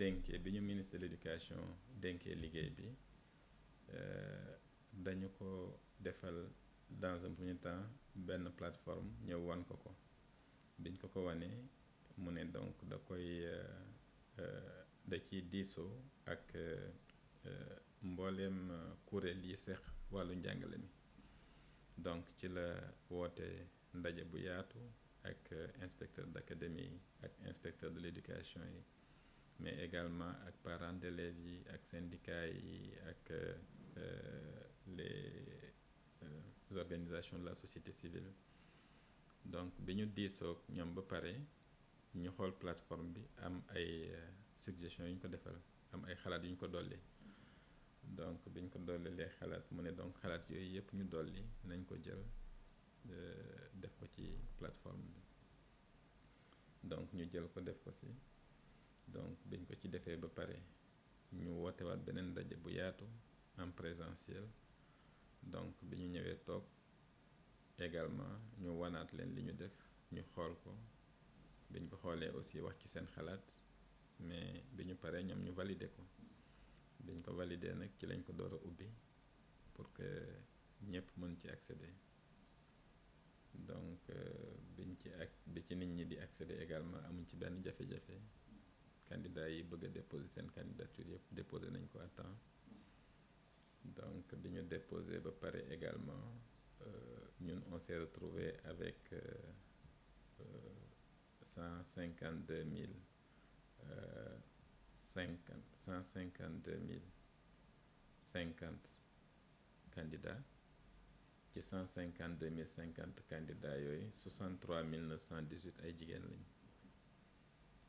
dénkee bi ñu ministre de l'éducation dénkee liggéey bi euh, dañu ko defal dans un premier temps benn plateforme ñëw wan ko ko biñ ko ko wane mu ne donc da koy euh, euh, da ciy diisoo ak mbooleem kuréel yi seq wàllu njàngale donc ci la woote ndaje bu yaatu ak inspecteur d'académie ak inspecteur de l'éducation yi mais également avec les parents d'élèves, avec euh, les syndicats, avec les, organisations de la société civile. Donc, nous disons que pareil, nous avons une plateforme qui des euh, suggestions, qui a des choses nous Donc, si nous avons des choses nous avons des choses qui nous donnent, nous avons des choses qui nous des Donc, nous avons des choses donc biñ ko ci défé ba paré ñu woté wat benen dajé bu yaatu en présentiel donc biñu ñëwé tok également ñu wanat leen li ñu def ñu xol ko biñ ko xolé aussi wax ci seen xalaat mais biñu paré ñom ñu valider ko biñ ko valider nak ci lañ ko door a ubbi pour que ñëpp mën ci accéder donc euh, biñ ci ak bi ci nit ñi di accéder également amuñ ci benn jafé-jafé candidat yi bëgg déposer sen candidature yëpp déposer nañ ko donc nous déposer ba également Nous euh, ñun on s'est retrouvé avec 152 euh, 152 euh, euh, candidats 152 050 candidats 63 918 ay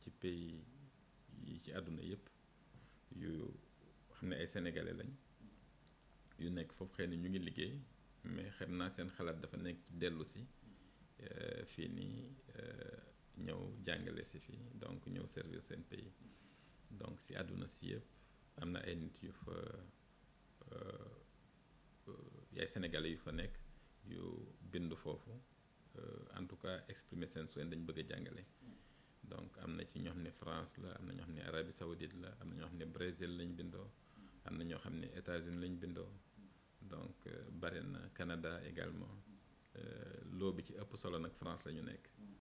ci pays yi ci aduna yëpp yu xamné ay sénégalais lañ yu nekk fofu xëy na ñu ngi liggéey mais xam naa seen xalaat dafa nekk ci dellu si euh, fii nii euh, ñëw jàngale si fii donc ñëw servir seen pays donc si aduna si yëpp am na ay nit yu fa yaay euh, sénégalais yu fa nekk yu bindu foofu en tout cas exprimer seen soin dañ bëgg a jàngale nous avons France la Arabie Saoudite la Brésil lañ États-Unis lañ donc euh, Canada également Nous euh, bi ci France la